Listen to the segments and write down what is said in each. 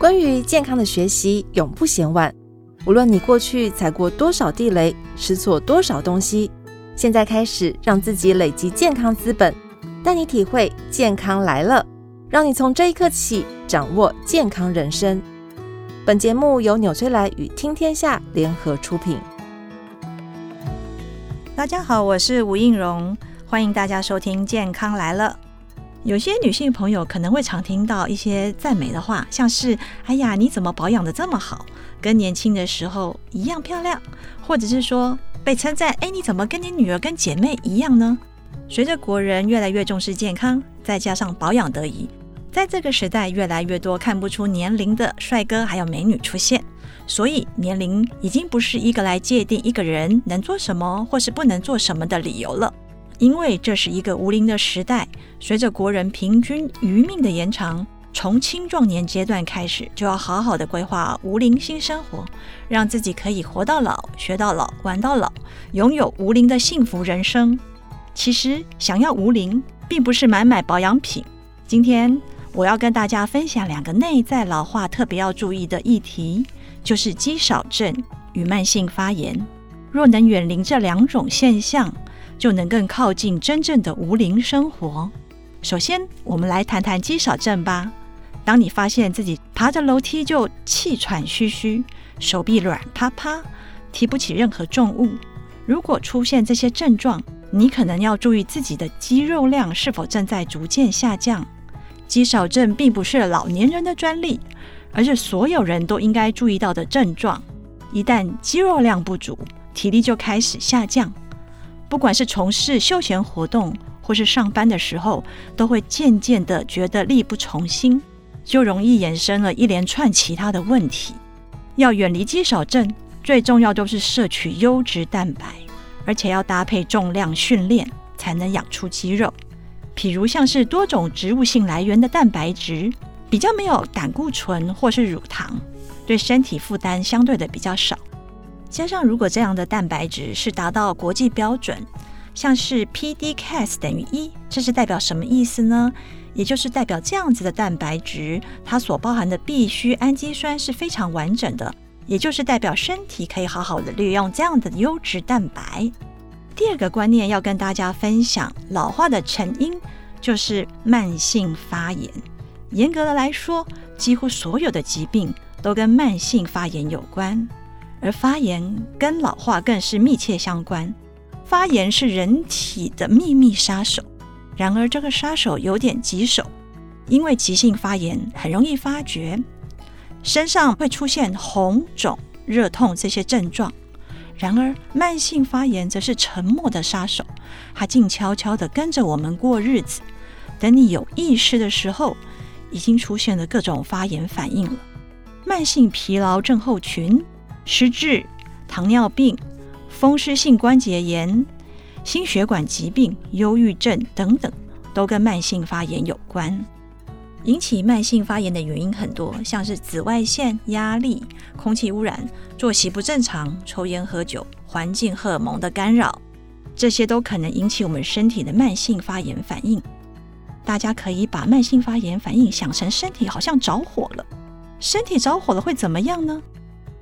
關於健康的學習永不嫌晚。無論你過去踩過多少地雷，吃錯多少東西，現在開始讓自己累積健康資本，帶你體會健康萊了，讓你從這一刻起掌握健康人生。本節目由紐崔萊與聽天下聯合出品。大家好，我是吳映蓉，歡迎大家收聽《健康萊了》。有些女性朋友可能會常聽到一些讚美的話，像是“哎呀，你怎麼保養得這麼好，跟年輕的時候一樣漂亮”，或者是說被稱讚“哎，你怎麼跟你女兒、跟姐妹一樣呢？”隨着國人越來越重視健康，再加上保養得宜，在這個時代，越來越多看不出年齡的帥哥還有美女出現，所以年齡已經不是一個來界定一個人能做什麼或是不能做什麼的理由了。因為這是一個無齡的時代，隨着國人平均餘命的延長，從青壯年階段開始，就要好好的規劃無齡新生活，讓自己可以活到老、學到老、玩到老，擁有無齡的幸福人生。其實，想要無齡，並不是買買保養品。今天我要跟大家分享兩個內在老化特別要注意的議題，就是肌少症與慢性發炎。若能遠離這兩種現象，就能更靠近真正的無齡生活。首先，我們來談談肌少症吧。當你發現自己爬着樓梯就氣喘吁吁，手臂軟趴趴，提不起任何重物，如果出現這些症狀，你可能要注意自己的肌肉量是否正在逐漸下降。肌少症並不是老年人的專利，而是所有人都應該注意到的症狀。一旦肌肉量不足，體力就開始下降。不管是從事休閒活動或是上班的時候，都會漸漸的覺得力不從心，就容易衍生了一連串其他的問題。要遠離肌少症，最重要都是攝取優質蛋白，而且要搭配重量訓練，才能養出肌肉。譬如像是多種植物性來源的蛋白質，比較沒有膽固醇或是乳糖，對身體負擔相對的比較少。加上，如果這樣的蛋白質是達到國際標準，像是 PDCAAS 等於一，這是代表什麼意思呢？也就是代表這樣子的蛋白質，它所包含的必需氨基酸是非常完整的，也就是代表身體可以好好的利用這樣的優質蛋白。第二個觀念要跟大家分享，老化的成因就是慢性發炎。嚴格的來說，幾乎所有的疾病都跟慢性發炎有關。而發炎跟老化更是密切相關。發炎是人體的秘密殺手，然而這個殺手有點棘手，因為急性發炎很容易發覺，身上會出現紅腫、熱痛這些症狀。然而慢性發炎則是沉默的殺手，它靜悄悄地跟着我們過日子，等你有意識的時候，已經出現了各種發炎反應了。慢性疲勞症候群、失智、糖尿病、風濕性關節炎、心血管疾病、憂鬱症等等，都跟慢性發炎有關。引起慢性發炎的原因很多，像是紫外線、壓力、空氣污染、作息不正常、抽菸喝酒、環境荷爾蒙的干擾，這些都可能引起我們身體的慢性發炎反應。大家可以把慢性發炎反應想成身體好像着火了。身體着火了會怎麼樣呢？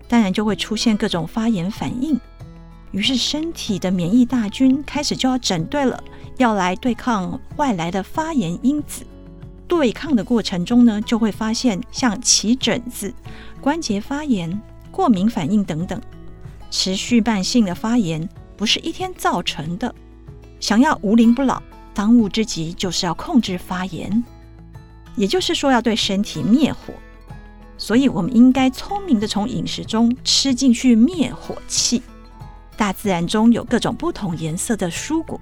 當然就會出現各種發炎反應，於是身體的免疫大軍開始就要整隊了，要來對抗外來的發炎因子。對抗的過程中呢，就會發現像起疹子、關節發炎、過敏反應等等。持續慢性的發炎不是一天造成的，想要無齡不老，當務之急就是要控制發炎，也就是說要對身體滅火。所以，我們應該聰明地從飲食中吃進去滅火器。大自然中有各種不同顏色的蔬果，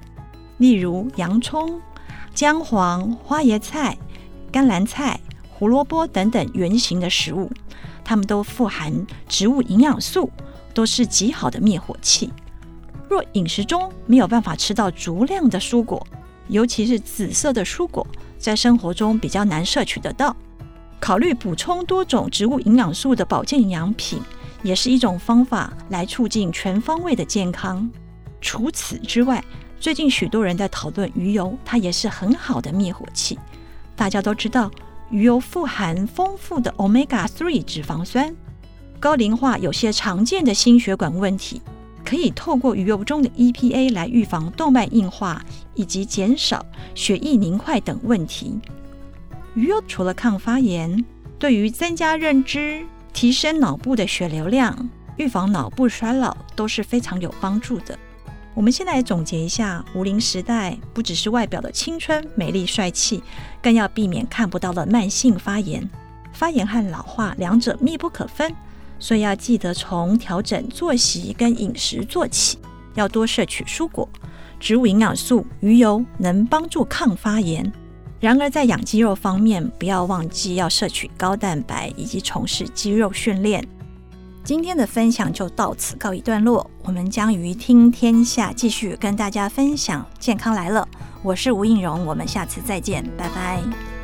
例如洋蔥、薑黃、花椰菜、甘藍菜、胡蘿蔔等等原型的食物，它們都富含植物營養素，都是極好的滅火器。若飲食中沒有辦法吃到足量的蔬果，尤其是紫色的蔬果，在生活中比較難攝取得到。考慮補充多種植物營養素的保健營養品，也是一種方法來促進全方位的健康。除此之外，最近許多人在討論魚油，它也是很好的滅火器。大家都知道，魚油富含豐富的 Omega-3 脂肪酸。高齡化有些常見的心血管問題，可以透過魚油中的 EPA 來預防動脈硬化以及減少血液凝塊等問題。魚油除了抗發炎，對於增加認知、提升腦部的血流量、預防腦部衰老都是非常有幫助的。我們先來總結一下，無齡時代不只是外表的青春、美麗、帥氣，更要避免看不到的慢性發炎。發炎和老化兩者密不可分，所以要記得從調整作息跟飲食做起，要多攝取蔬果、植物營養素。魚油能幫助抗發炎。然而，在養肌肉方面，不要忘記要攝取高蛋白以及從事肌肉訓練。今天的分享就到此告一段落，我們將於聽天下繼續跟大家分享健康萊了。我是吳映蓉，我們下次再見，拜拜。